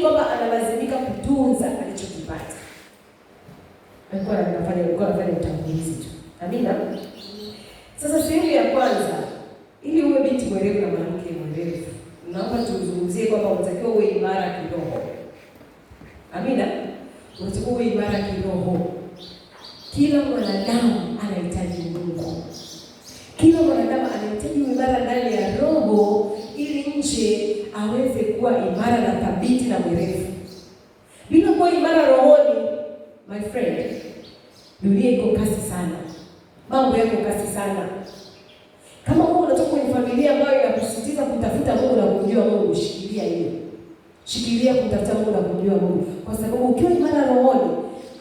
kwamba analazimika kutunza alichokipata. Alikuwa anafanya alikuwa anafanya utangulizi tu. Amina. Sasa sehemu ya kwanza, ili uwe binti mwerevu na mwanamke mwerevu, naomba tuzungumzie kwamba unatakiwa uwe imara kiroho. Amina. Unatakiwa uwe imara kiroho. Kila mwanadamu anahitaji Mungu. Kila mwanadamu anahitaji imara kuwa imara na thabiti na mwerevu. Bila kuwa imara rohoni, my friend, dunia iko kasi sana, mambo yako kasi sana. Kama wewe unatoka kwenye familia ambayo inakusisitiza kutafuta Mungu na kumjua Mungu, shikilia hiyo, shikilia kutafuta Mungu na kumjua Mungu, kwa sababu ukiwa imara rohoni,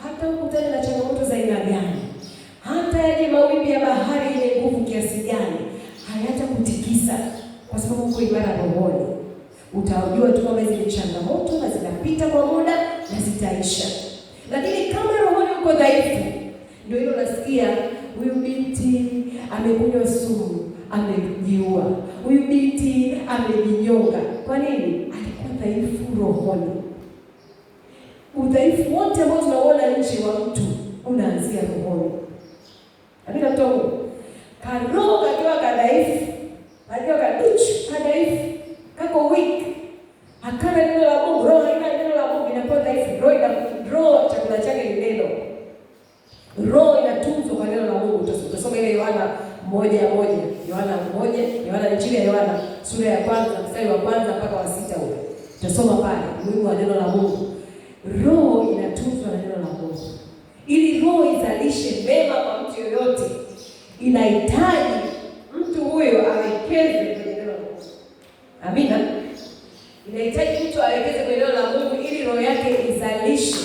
hata ukutane na changamoto za aina gani, hata yale mawimbi ya bahari yenye nguvu kiasi gani, hayata kutikisa, kwa sababu uko imara rohoni utajua tu kwamba zile changamoto na zinapita kwa muda na zitaisha. Lakini kama rohoni uko dhaifu, ndio hilo nasikia, huyu binti amekunywa sumu, amejiua, huyu binti amejinyonga. Kwa nini? Alikuwa dhaifu rohoni. Udhaifu wote ambao tunaona nje wa mtu unaanzia rohoni. Amina, mtu karoho kakiwa kadhaifu Kama neno la Mungu, roho ina neno la Mungu inakuwa dhaifu. Roho ina roho chakula chake ni neno. Roho inatunzwa kwa neno la Mungu. Utasoma ile Yohana moja moja, Yohana moja, Yohana injili ya Yohana sura ya kwanza mstari wa kwanza mpaka wa sita ule, Utasoma pale umuhimu wa neno la Mungu. Roho inatunzwa na neno la Mungu. Ili roho izalishe mema kwa mtu yoyote, inahitaji mtu huyo awekeze aishi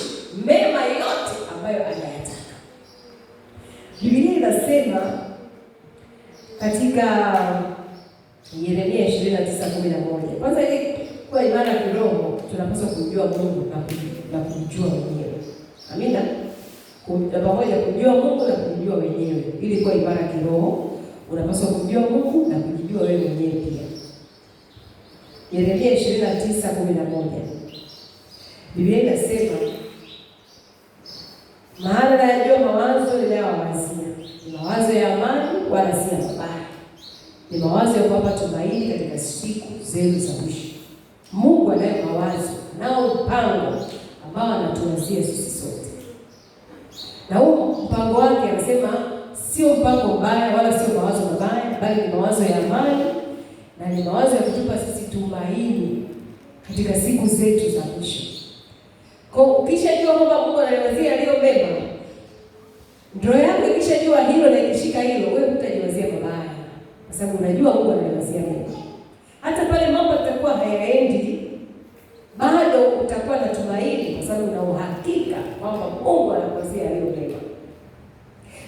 mema yote ambayo anayataka. Biblia inasema katika Yeremia 29:11. Kwanza ili kuwa imara kiroho, tunapaswa kujua Mungu na kumjua wenyewe. Amina, pamoja kujua Mungu na kujijua wenyewe. Ili kuwa imara kiroho, unapaswa kujua Mungu na kujijua wewe mwenyewe pia. Yeremia 29:11. Biblia inasema maana nayajua mawazo ninayowawazia, ni mawazo ya amani, wala si ya mabaya, ni mawazo ya kuwapa tumaini katika siku zenu za mwisho. Mungu anaye mawazo, nao mpango ambao anatuwazia sisi sote, na huu mpango wake anasema sio mpango mbaya, wala sio mawazo mabaya, bali ni mawazo ya amani na ni mawazo ya kutupa sisi tumaini katika siku zetu za mwisho. hilo wewe utajiwazia mabaya, kwa sababu unajua Mungu anajiwazia mema. Hata pale mambo yatakuwa hayaendi, bado utakuwa na tumaini, kwa sababu una uhakika kwamba Mungu anakuwazia yaliyo mema.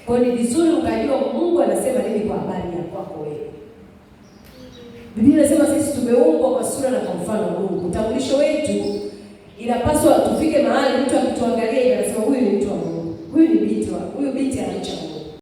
Kwa ni vizuri ukajua Mungu anasema nini kwa habari ya kwako wewe. Biblia inasema sisi tumeumbwa kwa sura na kwa mfano wa Mungu. Utambulisho wetu